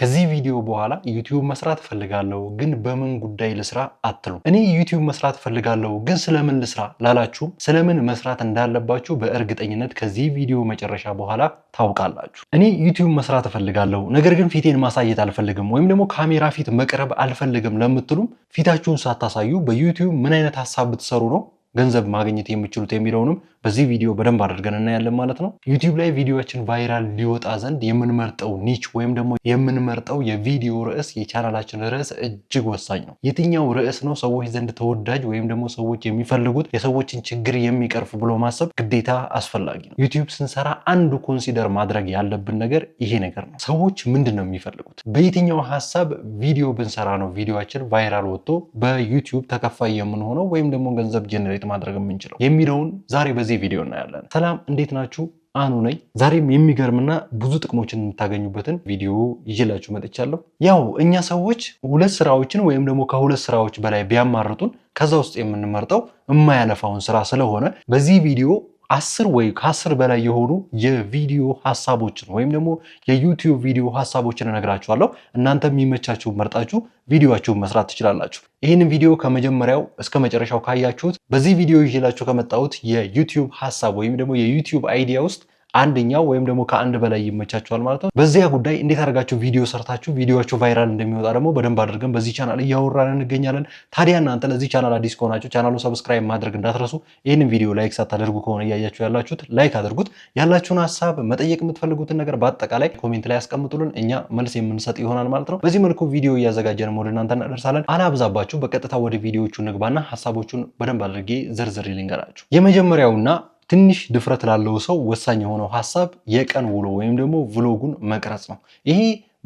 ከዚህ ቪዲዮ በኋላ ዩቲዩብ መስራት እፈልጋለሁ ግን በምን ጉዳይ ልስራ አትሉ። እኔ ዩቲዩብ መስራት እፈልጋለሁ ግን ስለምን ልስራ ላላችሁም ስለምን መስራት እንዳለባችሁ በእርግጠኝነት ከዚህ ቪዲዮ መጨረሻ በኋላ ታውቃላችሁ። እኔ ዩቲዩብ መስራት እፈልጋለሁ ነገር ግን ፊቴን ማሳየት አልፈልግም ወይም ደግሞ ካሜራ ፊት መቅረብ አልፈልግም ለምትሉም ፊታችሁን ሳታሳዩ በዩቲዩብ ምን አይነት ሀሳብ ብትሰሩ ነው ገንዘብ ማግኘት የሚችሉት የሚለውንም በዚህ ቪዲዮ በደንብ አድርገን እናያለን ማለት ነው። ዩቲዩብ ላይ ቪዲዮችን ቫይራል ሊወጣ ዘንድ የምንመርጠው ኒች ወይም ደግሞ የምንመርጠው የቪዲዮ ርዕስ የቻናላችን ርዕስ እጅግ ወሳኝ ነው። የትኛው ርዕስ ነው ሰዎች ዘንድ ተወዳጅ ወይም ደግሞ ሰዎች የሚፈልጉት የሰዎችን ችግር የሚቀርፉ ብሎ ማሰብ ግዴታ አስፈላጊ ነው። ዩቲዩብ ስንሰራ አንዱ ኮንሲደር ማድረግ ያለብን ነገር ይሄ ነገር ነው። ሰዎች ምንድን ነው የሚፈልጉት? በየትኛው ሀሳብ ቪዲዮ ብንሰራ ነው ቪዲዮችን ቫይራል ወጥቶ በዩቲዩብ ተከፋይ የምንሆነው ወይም ደግሞ ገንዘብ ጀነሬት ማድረግ የምንችለው የሚለውን ዛሬ በዚህ ቪዲዮ እናያለን። ሰላም እንዴት ናችሁ? አኑ ነኝ። ዛሬም የሚገርምና ብዙ ጥቅሞችን የምታገኙበትን ቪዲዮ ይዤላችሁ መጥቻለሁ። ያው እኛ ሰዎች ሁለት ስራዎችን ወይም ደግሞ ከሁለት ስራዎች በላይ ቢያማርጡን ከዛ ውስጥ የምንመርጠው የማያለፋውን ስራ ስለሆነ በዚህ ቪዲዮ አስር ወይ ከአስር በላይ የሆኑ የቪዲዮ ሀሳቦችን ወይም ደግሞ የዩቲዩብ ቪዲዮ ሀሳቦችን እነግራችኋለሁ። እናንተ የሚመቻችሁ መርጣችሁ ቪዲዮችሁን መስራት ትችላላችሁ። ይህንን ቪዲዮ ከመጀመሪያው እስከ መጨረሻው ካያችሁት በዚህ ቪዲዮ ይዤላችሁ ከመጣሁት የዩቲዩብ ሀሳብ ወይም ደግሞ የዩቲዩብ አይዲያ ውስጥ አንደኛው ወይም ደግሞ ከአንድ በላይ ይመቻቸዋል ማለት ነው። በዚያ ጉዳይ እንዴት አድርጋችሁ ቪዲዮ ሰርታችሁ ቪዲዮችሁ ቫይራል እንደሚወጣ ደግሞ በደንብ አድርገን በዚህ ቻናል እያወራን እንገኛለን። ታዲያ እናንተ ለዚህ ቻናል አዲስ ከሆናችሁ ቻናሉ ሰብስክራይብ ማድረግ እንዳትረሱ። ይህንን ቪዲዮ ላይክ ሳታደርጉ ከሆነ እያያችሁ ያላችሁት ላይክ አድርጉት። ያላችሁን ሀሳብ መጠየቅ የምትፈልጉትን ነገር በአጠቃላይ ኮሜንት ላይ ያስቀምጡልን፣ እኛ መልስ የምንሰጥ ይሆናል ማለት ነው። በዚህ መልኩ ቪዲዮ እያዘጋጀን ወደ እናንተ እናደርሳለን። አላብዛባችሁ፣ በቀጥታ ወደ ቪዲዮቹ ንግባና ሀሳቦቹን በደንብ አድርጌ ዝርዝር ልንገራችሁ። የመጀመሪያውና ትንሽ ድፍረት ላለው ሰው ወሳኝ የሆነው ሀሳብ የቀን ውሎ ወይም ደግሞ ቭሎጉን መቅረጽ ነው። ይሄ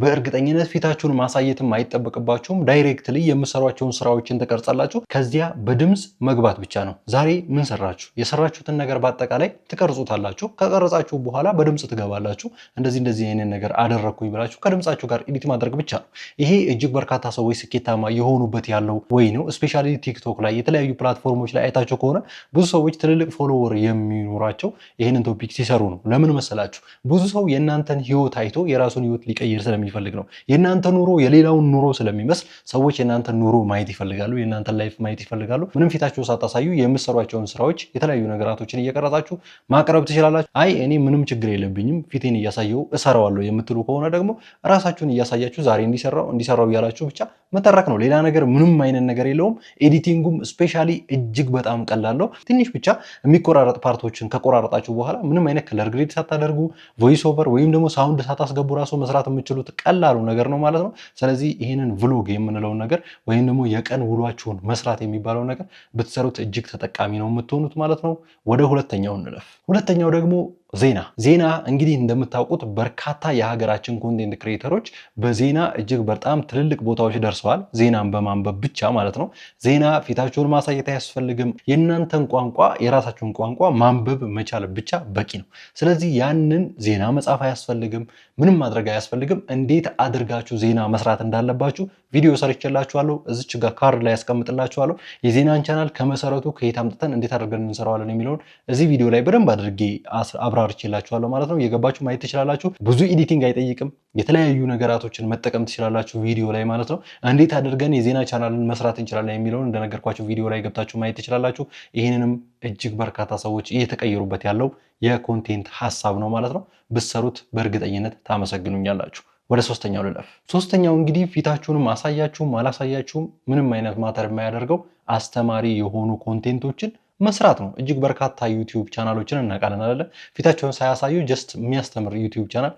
በእርግጠኝነት ፊታችሁን ማሳየትም አይጠበቅባችሁም። ዳይሬክትሊ የምሰሯቸውን ስራዎችን ትቀርጻላችሁ። ከዚያ በድምፅ መግባት ብቻ ነው። ዛሬ ምን ሰራችሁ፣ የሰራችሁትን ነገር በአጠቃላይ ትቀርጹታላችሁ። ከቀረጻችሁ በኋላ በድምፅ ትገባላችሁ። እንደዚህ እንደዚህ አይነት ነገር አደረግኩኝ ብላችሁ ከድምፃችሁ ጋር ኤዲት ማድረግ ብቻ ነው። ይሄ እጅግ በርካታ ሰዎች ስኬታማ የሆኑበት ያለው ወይ ነው። እስፔሻሊ ቲክቶክ ላይ የተለያዩ ፕላትፎርሞች ላይ አይታቸው ከሆነ ብዙ ሰዎች ትልልቅ ፎሎወር የሚኖራቸው ይህንን ቶፒክ ሲሰሩ ነው። ለምን መሰላችሁ? ብዙ ሰው የእናንተን ህይወት አይቶ የራሱን ህይወት ሊቀይር ስለሚ የሚፈልግ ነው። የእናንተ ኑሮ የሌላውን ኑሮ ስለሚመስል ሰዎች የእናንተ ኑሮ ማየት ይፈልጋሉ፣ የእናንተን ላይፍ ማየት ይፈልጋሉ። ምንም ፊታቸው ሳታሳዩ የምትሰሯቸውን ስራዎች፣ የተለያዩ ነገራቶችን እየቀረጻችሁ ማቅረብ ትችላላችሁ። አይ እኔ ምንም ችግር የለብኝም ፊቴን እያሳየው እሰራዋለሁ የምትሉ ከሆነ ደግሞ ራሳችሁን እያሳያችሁ ዛሬ እንዲሰራው እንዲሰራው እያላችሁ ብቻ መተረክ ነው። ሌላ ነገር ምንም አይነት ነገር የለውም። ኤዲቲንጉም ስፔሻሊ እጅግ በጣም ቀላለው። ትንሽ ብቻ የሚቆራረጥ ፓርቶችን ከቆራረጣችሁ በኋላ ምንም አይነት ከለር ግሬድ ሳታደርጉ ቮይስ ኦቨር ወይም ደግሞ ሳውንድ ሳታስገቡ ራሱ መስራት የምችሉት ቀላሉ ነገር ነው ማለት ነው። ስለዚህ ይህንን ቭሎግ የምንለውን ነገር ወይም ደግሞ የቀን ውሏችሁን መስራት የሚባለው ነገር ብትሰሩት እጅግ ተጠቃሚ ነው የምትሆኑት ማለት ነው። ወደ ሁለተኛው እንለፍ። ሁለተኛው ደግሞ ዜና ዜና እንግዲህ እንደምታውቁት በርካታ የሀገራችን ኮንቴንት ክሬተሮች በዜና እጅግ በጣም ትልልቅ ቦታዎች ደርሰዋል። ዜናን በማንበብ ብቻ ማለት ነው። ዜና ፊታችሁን ማሳየት አያስፈልግም። የእናንተን ቋንቋ የራሳችሁን ቋንቋ ማንበብ መቻል ብቻ በቂ ነው። ስለዚህ ያንን ዜና መጻፍ አያስፈልግም። ምንም ማድረግ አያስፈልግም። እንዴት አድርጋችሁ ዜና መስራት እንዳለባችሁ ቪዲዮ ሰርቼላችኋለሁ። እዚች ጋር ካርድ ላይ ያስቀምጥላችኋለሁ። የዜናን ቻናል ከመሰረቱ ከየት አምጥተን እንዴት አድርገን እንሰራዋለን የሚለውን እዚህ ቪዲዮ ላይ በደንብ አድርጌ አብራርቼላችኋለሁ ማለት ነው። የገባችሁ ማየት ትችላላችሁ። ብዙ ኤዲቲንግ አይጠይቅም። የተለያዩ ነገራቶችን መጠቀም ትችላላችሁ ቪዲዮ ላይ ማለት ነው። እንዴት አድርገን የዜና ቻናልን መስራት እንችላለን የሚለውን እንደነገርኳችሁ ቪዲዮ ላይ ገብታችሁ ማየት ትችላላችሁ። ይህንንም እጅግ በርካታ ሰዎች እየተቀየሩበት ያለው የኮንቴንት ሀሳብ ነው ማለት ነው። ብትሰሩት በእርግጠኝነት ታመሰግኑኛላችሁ። ወደ ሶስተኛው ልለፍ። ሶስተኛው እንግዲህ ፊታችሁንም አሳያችሁም አላሳያችሁም ምንም አይነት ማተር የማያደርገው አስተማሪ የሆኑ ኮንቴንቶችን መስራት ነው። እጅግ በርካታ ዩቲዩብ ቻናሎችን እናውቃለን አለ ፊታቸውን ሳያሳዩ ጀስት የሚያስተምር ዩቲዩብ ቻናል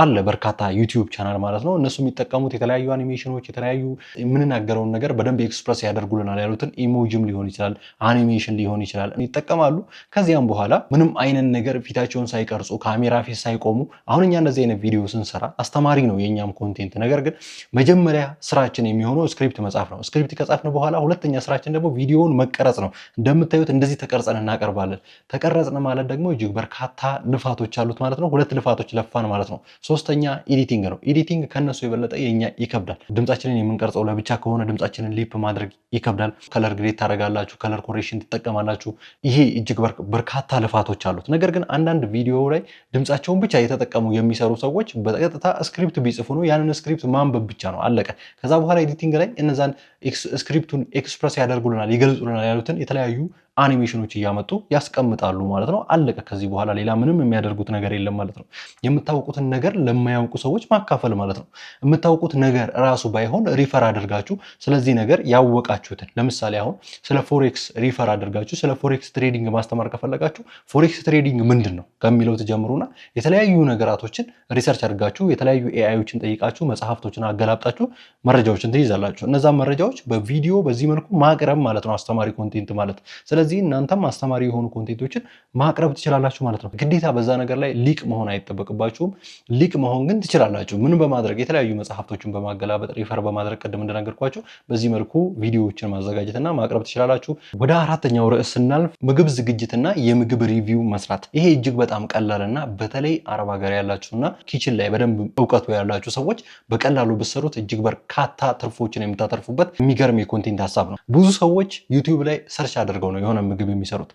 አለ በርካታ ዩቲዩብ ቻናል ማለት ነው። እነሱ የሚጠቀሙት የተለያዩ አኒሜሽኖች የተለያዩ የምንናገረውን ነገር በደንብ ኤክስፕረስ ያደርጉልናል ያሉትን ኢሞጂም ሊሆን ይችላል አኒሜሽን ሊሆን ይችላል ይጠቀማሉ። ከዚያም በኋላ ምንም አይነት ነገር ፊታቸውን ሳይቀርጹ ካሜራ ፊት ሳይቆሙ አሁን እኛ እንደዚህ አይነት ቪዲዮ ስንሰራ አስተማሪ ነው የእኛም ኮንቴንት። ነገር ግን መጀመሪያ ስራችን የሚሆነው ስክሪፕት መጻፍ ነው። ስክሪፕት ከጻፍን በኋላ ሁለተኛ ስራችን ደግሞ ቪዲዮውን መቀረጽ ነው። እንደምታዩት እንደዚህ ተቀርጸን እናቀርባለን። ተቀረጽን ማለት ደግሞ እጅግ በርካታ ልፋቶች አሉት ማለት ነው። ሁለት ልፋቶች ለፋን ማለት ነው። ሶስተኛ ኤዲቲንግ ነው። ኤዲቲንግ ከነሱ የበለጠ የኛ ይከብዳል። ድምጻችንን የምንቀርጸው ለብቻ ከሆነ ድምጻችንን ሊፕ ማድረግ ይከብዳል። ከለር ግሬት ታደርጋላችሁ፣ ከለር ኮሬክሽን ትጠቀማላችሁ። ይሄ እጅግ በርካታ ልፋቶች አሉት። ነገር ግን አንዳንድ ቪዲዮ ላይ ድምጻቸውን ብቻ የተጠቀሙ የሚሰሩ ሰዎች በቀጥታ ስክሪፕት ቢጽፉ ነው ያንን ስክሪፕት ማንበብ ብቻ ነው አለቀ። ከዛ በኋላ ኤዲቲንግ ላይ እነዛን ስክሪፕቱን ኤክስፕረስ ያደርጉልናል፣ ይገልጹልናል ያሉትን የተለያዩ አኒሜሽኖች እያመጡ ያስቀምጣሉ ማለት ነው። አለቀ። ከዚህ በኋላ ሌላ ምንም የሚያደርጉት ነገር የለም ማለት ነው። የምታውቁትን ነገር ለማያውቁ ሰዎች ማካፈል ማለት ነው። የምታውቁት ነገር ራሱ ባይሆን ሪፈር አድርጋችሁ ስለዚህ ነገር ያወቃችሁትን፣ ለምሳሌ አሁን ስለ ፎሬክስ ሪፈር አድርጋችሁ ስለ ፎሬክስ ትሬዲንግ ማስተማር ከፈለጋችሁ ፎሬክስ ትሬዲንግ ምንድን ነው ከሚለው ትጀምሩና የተለያዩ ነገራቶችን ሪሰርች አድርጋችሁ የተለያዩ ኤአዮችን ጠይቃችሁ መጽሐፍቶችን አገላብጣችሁ መረጃዎችን ትይዛላችሁ። እነዛ መረጃዎች በቪዲዮ በዚህ መልኩ ማቅረብ ማለት ነው። አስተማሪ ኮንቴንት ማለት ስለዚህ እናንተም አስተማሪ የሆኑ ኮንቴንቶችን ማቅረብ ትችላላችሁ ማለት ነው። ግዴታ በዛ ነገር ላይ ሊቅ መሆን አይጠበቅባችሁም። ሊቅ መሆን ግን ትችላላችሁ። ምን በማድረግ የተለያዩ መጽሐፍቶችን በማገላበጥ ሪፈር በማድረግ ቅድም እንደነገርኳቸው በዚህ መልኩ ቪዲዮዎችን ማዘጋጀትና ማቅረብ ትችላላችሁ። ወደ አራተኛው ርዕስ ስናልፍ ምግብ ዝግጅትና የምግብ ሪቪው መስራት። ይሄ እጅግ በጣም ቀላልና በተለይ አረብ ሀገር ያላችሁና ኪችን ላይ በደንብ እውቀቱ ያላችሁ ሰዎች በቀላሉ ብሰሩት እጅግ በርካታ ትርፎችን የምታተርፉበት የሚገርም የኮንቴንት ሀሳብ ነው። ብዙ ሰዎች ዩቲዩብ ላይ ሰርች አድርገው ነው የሆነ ምግብ የሚሰሩት።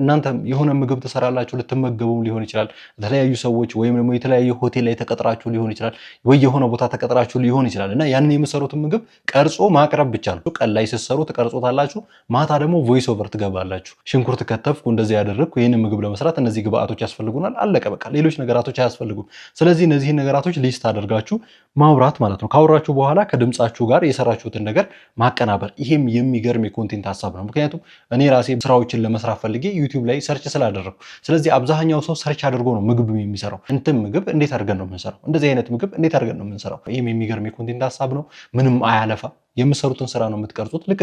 እናንተ የሆነ ምግብ ትሰራላችሁ፣ ልትመገቡም ሊሆን ይችላል የተለያዩ ሰዎች ወይም ደግሞ የተለያዩ ሆቴል ላይ ተቀጥራችሁ ሊሆን ይችላል ወይ የሆነ ቦታ ተቀጥራችሁ ሊሆን ይችላል እና ያንን የምሰሩትን ምግብ ቀርጾ ማቅረብ ብቻ ነው። ቀን ላይ ስትሰሩ ትቀርጾታላችሁ፣ ማታ ደግሞ ቮይስ ኦቨር ትገባላችሁ። ሽንኩርት ከተፍኩ፣ እንደዚህ ያደረግኩ፣ ይህንን ምግብ ለመስራት እነዚህ ግብአቶች ያስፈልጉናል። አለቀ በቃ። ሌሎች ነገራቶች አያስፈልጉም። ስለዚህ እነዚህን ነገራቶች ሊስት አድርጋችሁ ማውራት ማለት ነው። ካወራችሁ በኋላ ከድምጻችሁ ጋር የሰራችሁትን ነገር ማቀናበር። ይሄም የሚገርም የኮንቴንት ሀሳብ ነው። ምክንያቱም እኔ ራሴ ስራዎችን ለመስራት ፈልጌ ዩቲዩብ ላይ ሰርች ስላደረግኩ፣ ስለዚህ አብዛኛው ሰው ሰርች አድርጎ ነው ምግብ የሚሰራው። እንትን ምግብ እንዴት አድርገን ነው የምንሰራው? እንደዚህ አይነት ምግብ እንዴት አድርገን ነው የምንሰራው? ይህም የሚገርም የኮንቴንት ሀሳብ ነው። ምንም አያለፋ የምሰሩትን ስራ ነው የምትቀርጹት። ልክ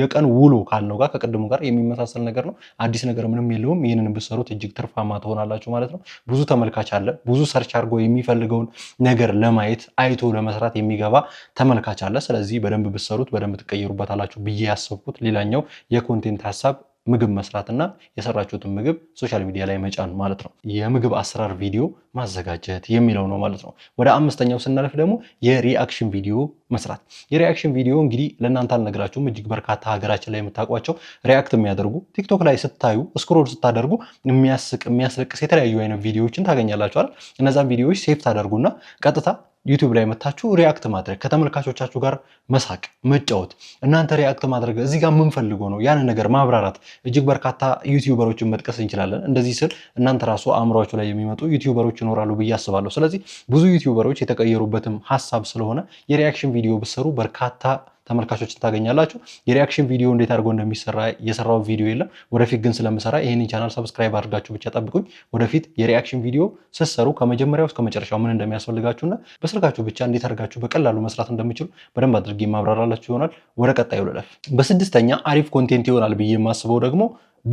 የቀን ውሎ ካልነው ጋር ከቅድሙ ጋር የሚመሳሰል ነገር ነው። አዲስ ነገር ምንም የለውም። ይህንን ብሰሩት እጅግ ትርፋማ ትሆናላችሁ ማለት ነው። ብዙ ተመልካች አለ። ብዙ ሰርች አድርጎ የሚፈልገውን ነገር ለማየት አይቶ ለመስራት የሚገባ ተመልካች አለ። ስለዚህ በደንብ ብሰሩት በደንብ ትቀየሩበታላችሁ ብዬ ያሰብኩት ሌላኛው የኮንቴንት ሀሳብ ምግብ መስራትና የሰራችሁትን ምግብ ሶሻል ሚዲያ ላይ መጫን ማለት ነው። የምግብ አሰራር ቪዲዮ ማዘጋጀት የሚለው ነው ማለት ነው። ወደ አምስተኛው ስናልፍ ደግሞ የሪአክሽን ቪዲዮ መስራት። የሪአክሽን ቪዲዮ እንግዲህ ለእናንተ አልነግራችሁም። እጅግ በርካታ ሀገራችን ላይ የምታውቋቸው ሪአክት የሚያደርጉ ቲክቶክ ላይ ስታዩ ስክሮል ስታደርጉ የሚያስቅ የሚያስለቅስ የተለያዩ አይነት ቪዲዮዎችን ታገኛላችኋል። እነዛን ቪዲዮዎች ሴፍ ታደርጉና ቀጥታ ዩቲዩብ ላይ መታችሁ ሪያክት ማድረግ ከተመልካቾቻችሁ ጋር መሳቅ፣ መጫወት፣ እናንተ ሪያክት ማድረግ እዚህ ጋር የምንፈልገው ነው ያንን ነገር ማብራራት። እጅግ በርካታ ዩቲዩበሮችን መጥቀስ እንችላለን። እንደዚህ ስል እናንተ ራሱ አእምሯችሁ ላይ የሚመጡ ዩቲዩበሮች ይኖራሉ ብዬ አስባለሁ። ስለዚህ ብዙ ዩቲዩበሮች የተቀየሩበትም ሀሳብ ስለሆነ የሪያክሽን ቪዲዮ ብሰሩ በርካታ ተመልካቾችን ታገኛላችሁ። የሪያክሽን ቪዲዮ እንዴት አድርጎ እንደሚሰራ የሰራው ቪዲዮ የለም። ወደፊት ግን ስለምሰራ ይህንን ቻናል ሰብስክራይብ አድርጋችሁ ብቻ ጠብቁኝ። ወደፊት የሪያክሽን ቪዲዮ ስትሰሩ ከመጀመሪያው እስከ መጨረሻው ምን እንደሚያስፈልጋችሁና በስልካችሁ ብቻ እንዴት አድርጋችሁ በቀላሉ መስራት እንደምችሉ በደንብ አድርጌ ማብራራላችሁ ይሆናል። ወደ ቀጣዩ ልለፍ። በስድስተኛ አሪፍ ኮንቴንት ይሆናል ብዬ የማስበው ደግሞ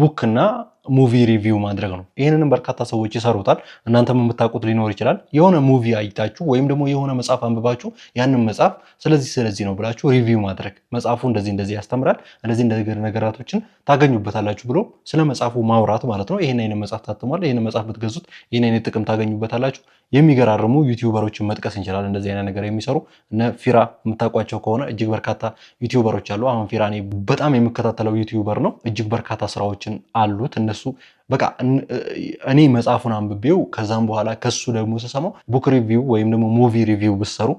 ቡክና ሙቪ ሪቪው ማድረግ ነው። ይህንንም በርካታ ሰዎች ይሰሩታል። እናንተም የምታውቁት ሊኖር ይችላል። የሆነ ሙቪ አይታችሁ ወይም ደግሞ የሆነ መጽሐፍ አንብባችሁ ያንን መጽሐፍ ስለዚህ ስለዚህ ነው ብላችሁ ሪቪው ማድረግ መጽሐፉ እንደዚህ እንደዚህ ያስተምራል፣ እንደዚህ እንደዚህ ነገራቶችን ታገኙበታላችሁ ብሎ ስለ መጽሐፉ ማውራት ማለት ነው። ይህን አይነት መጽሐፍ ታትሟል፣ ይህን መጽሐፍ ብትገዙት ይህን አይነት ጥቅም ታገኙበታላችሁ። የሚገራርሙ ዩቲዩበሮችን መጥቀስ እንችላል። እንደዚህ አይነት ነገር የሚሰሩ እነ ፊራ የምታውቋቸው ከሆነ እጅግ በርካታ ዩቲዩበሮች አሉ። አሁን ፊራ እኔ በጣም የምከታተለው ዩቲዩበር ነው። እጅግ በርካታ ስራዎችን አሉት እነሱ በቃ እኔ መጽሐፉን አንብቤው ከዛም በኋላ ከሱ ደግሞ ስሰማው ቡክ ሪቪው ወይም ደግሞ ሙቪ ሪቪው ብሰሩ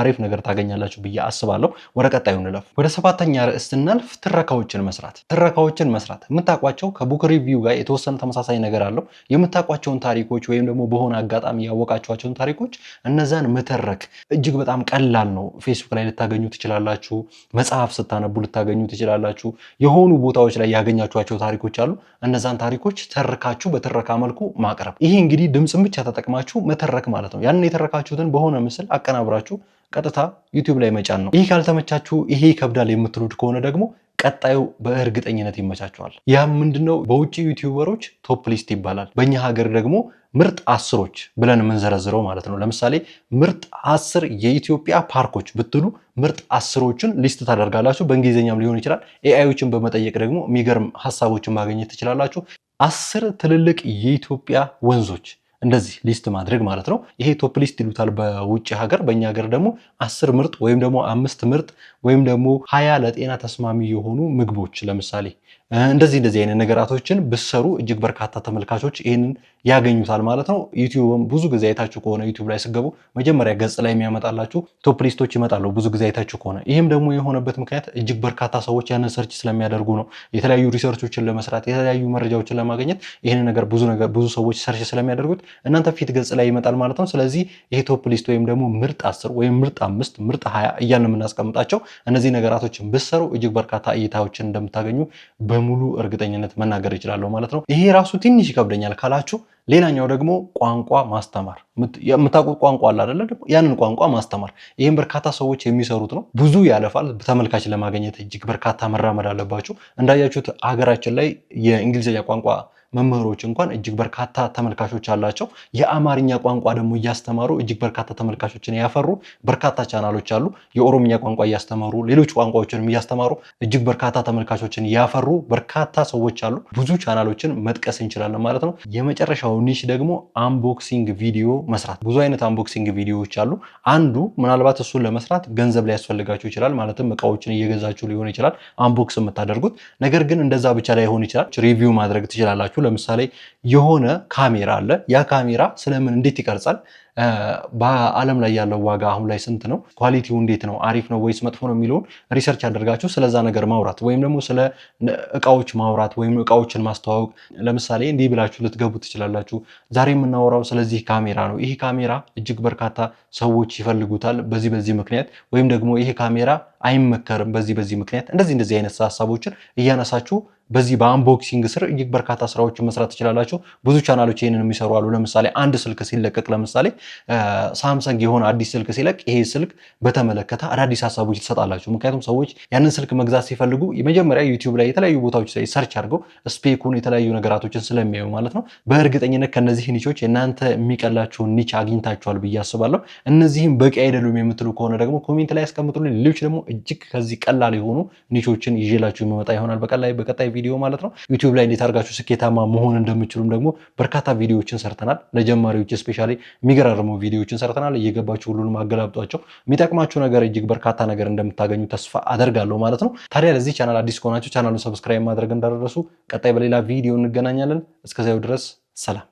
አሪፍ ነገር ታገኛላችሁ ብዬ አስባለሁ። ወደ ቀጣዩ እንለፍ። ወደ ሰባተኛ ርዕስ ስናልፍ ትረካዎችን መስራት። ትረካዎችን መስራት የምታውቋቸው ከቡክ ሪቪው ጋር የተወሰነ ተመሳሳይ ነገር አለው። የምታውቋቸውን ታሪኮች ወይም ደግሞ በሆነ አጋጣሚ ያወቃቸዋቸውን ታሪኮች እነዛን መተረክ እጅግ በጣም ቀላል ነው። ፌስቡክ ላይ ልታገኙ ትችላላችሁ። መጽሐፍ ስታነቡ ልታገኙ ትችላላችሁ። የሆኑ ቦታዎች ላይ ያገኛችኋቸው ታሪኮች አሉ። እነዛን ታሪኮች ታሪኮች ተርካችሁ በትረካ መልኩ ማቅረብ። ይሄ እንግዲህ ድምፅን ብቻ ተጠቅማችሁ መተረክ ማለት ነው። ያንን የተረካችሁትን በሆነ ምስል አቀናብራችሁ ቀጥታ ዩቲዩብ ላይ መጫን ነው። ይህ ካልተመቻችሁ፣ ይሄ ይከብዳል የምትሉት ከሆነ ደግሞ ቀጣዩ በእርግጠኝነት ይመቻቸዋል። ያም ምንድነው? በውጭ ዩቲዩበሮች ቶፕ ሊስት ይባላል። በእኛ ሀገር ደግሞ ምርጥ አስሮች ብለን የምንዘረዝረው ማለት ነው። ለምሳሌ ምርጥ አስር የኢትዮጵያ ፓርኮች ብትሉ ምርጥ አስሮችን ሊስት ታደርጋላችሁ። በእንግሊዝኛም ሊሆን ይችላል። ኤአዮችን በመጠየቅ ደግሞ የሚገርም ሀሳቦችን ማግኘት ትችላላችሁ። አስር ትልልቅ የኢትዮጵያ ወንዞች እንደዚህ ሊስት ማድረግ ማለት ነው። ይሄ ቶፕ ሊስት ይሉታል በውጭ ሀገር። በእኛ ሀገር ደግሞ አስር ምርጥ ወይም ደግሞ አምስት ምርጥ ወይም ደግሞ ሀያ ለጤና ተስማሚ የሆኑ ምግቦች ለምሳሌ እንደዚህ እንደዚህ አይነት ነገራቶችን ብሰሩ እጅግ በርካታ ተመልካቾች ይህንን ያገኙታል ማለት ነው። ዩቲዩብም ብዙ ጊዜ አይታችሁ ከሆነ ዩቲዩብ ላይ ስገቡ መጀመሪያ ገጽ ላይ የሚያመጣላችሁ ቶፕ ሊስቶች ይመጣሉ። ብዙ ጊዜ አይታችሁ ከሆነ ይህም ደግሞ የሆነበት ምክንያት እጅግ በርካታ ሰዎች ያንን ሰርች ስለሚያደርጉ ነው። የተለያዩ ሪሰርቾችን ለመስራት የተለያዩ መረጃዎችን ለማግኘት ይህንን ነገር ብዙ ነገር ብዙ ሰዎች ሰርች ስለሚያደርጉት እናንተ ፊት ገጽ ላይ ይመጣል ማለት ነው። ስለዚህ ይሄ ቶፕ ሊስት ወይም ደግሞ ምርጥ አስር ወይም ምርጥ አምስት ምርጥ ሀያ እያልን የምናስቀምጣቸው እነዚህ ነገራቶችን ብሰሩ እጅግ በርካታ እይታዎችን እንደምታገኙ በሙሉ እርግጠኝነት መናገር ይችላለሁ ማለት ነው። ይሄ ራሱ ትንሽ ይከብደኛል ካላችሁ ሌላኛው ደግሞ ቋንቋ ማስተማር የምታውቁት ቋንቋ አለ አይደለ? ያንን ቋንቋ ማስተማር ይህም በርካታ ሰዎች የሚሰሩት ነው። ብዙ ያለፋል። ተመልካች ለማግኘት እጅግ በርካታ መራመድ አለባችሁ። እንዳያችሁት ሀገራችን ላይ የእንግሊዝኛ ቋንቋ መምህሮች እንኳን እጅግ በርካታ ተመልካቾች አላቸው። የአማርኛ ቋንቋ ደግሞ እያስተማሩ እጅግ በርካታ ተመልካቾችን ያፈሩ በርካታ ቻናሎች አሉ። የኦሮምኛ ቋንቋ እያስተማሩ ሌሎች ቋንቋዎችንም እያስተማሩ እጅግ በርካታ ተመልካቾችን ያፈሩ በርካታ ሰዎች አሉ። ብዙ ቻናሎችን መጥቀስ እንችላለን ማለት ነው። የመጨረሻው ኒሽ ደግሞ አንቦክሲንግ ቪዲዮ መስራት። ብዙ አይነት አንቦክሲንግ ቪዲዮዎች አሉ። አንዱ ምናልባት እሱን ለመስራት ገንዘብ ሊያስፈልጋችሁ ይችላል። ማለትም እቃዎችን እየገዛችሁ ሊሆን ይችላል አንቦክስ የምታደርጉት ነገር ግን እንደዛ ብቻ ላይሆን ይችላል። ሪቪው ማድረግ ትችላላችሁ ለምሳሌ የሆነ ካሜራ አለ። ያ ካሜራ ስለምን እንዴት ይቀርጻል በዓለም ላይ ያለው ዋጋ አሁን ላይ ስንት ነው? ኳሊቲው እንዴት ነው? አሪፍ ነው ወይስ መጥፎ ነው የሚለውን ሪሰርች አድርጋችሁ ስለዛ ነገር ማውራት ወይም ደግሞ ስለ እቃዎች ማውራት ወይም እቃዎችን ማስተዋወቅ። ለምሳሌ እንዲህ ብላችሁ ልትገቡ ትችላላችሁ። ዛሬ የምናወራው ስለዚህ ካሜራ ነው። ይህ ካሜራ እጅግ በርካታ ሰዎች ይፈልጉታል በዚህ በዚህ ምክንያት፣ ወይም ደግሞ ይሄ ካሜራ አይመከርም በዚህ በዚህ ምክንያት። እንደዚህ እንደዚህ አይነት ሀሳቦችን እያነሳችሁ በዚህ በአንቦክሲንግ ስር እጅግ በርካታ ስራዎችን መስራት ትችላላችሁ። ብዙ ቻናሎች ይህንን የሚሰሩ አሉ። ለምሳሌ አንድ ስልክ ሲለቀቅ ለምሳሌ ሳምሰንግ የሆነ አዲስ ስልክ ሲለቅ ይሄ ስልክ በተመለከተ አዳዲስ ሀሳቦች ትሰጣላችሁ። ምክንያቱም ሰዎች ያንን ስልክ መግዛት ሲፈልጉ የመጀመሪያ ዩቲዩብ ላይ የተለያዩ ቦታዎች ላይ ሰርች አድርገው ስፔኩን፣ የተለያዩ ነገራቶችን ስለሚያዩ ማለት ነው። በእርግጠኝነት ከነዚህ ኒቾች እናንተ የሚቀላችሁን ኒች አግኝታችኋል ብዬ አስባለሁ። እነዚህም በቂ አይደሉም የምትሉ ከሆነ ደግሞ ኮሜንት ላይ ያስቀምጡልን። ሌሎች ደግሞ እጅግ ከዚህ ቀላል የሆኑ ኒቾችን ይዤላችሁ የሚመጣ ይሆናል በቀላይ በቀጣይ ቪዲዮ ማለት ነው። ዩቲዩብ ላይ እንዴት አድርጋችሁ ስኬታማ መሆን እንደምችሉም ደግሞ በርካታ ቪዲዮዎችን ሰርተናል። ለጀማሪዎች ስፔሻሊ የሚገራ የሚገራርሙ ቪዲዮዎችን ሰርተናል። እየገባችሁ ሁሉንም አገላብጧቸው። የሚጠቅማችሁ ነገር እጅግ በርካታ ነገር እንደምታገኙ ተስፋ አደርጋለሁ ማለት ነው። ታዲያ ለዚህ ቻናል አዲስ ከሆናችሁ ቻናሉን ሰብስክራይብ ማድረግ እንዳደረሱ፣ ቀጣይ በሌላ ቪዲዮ እንገናኛለን። እስከዚያው ድረስ ሰላም።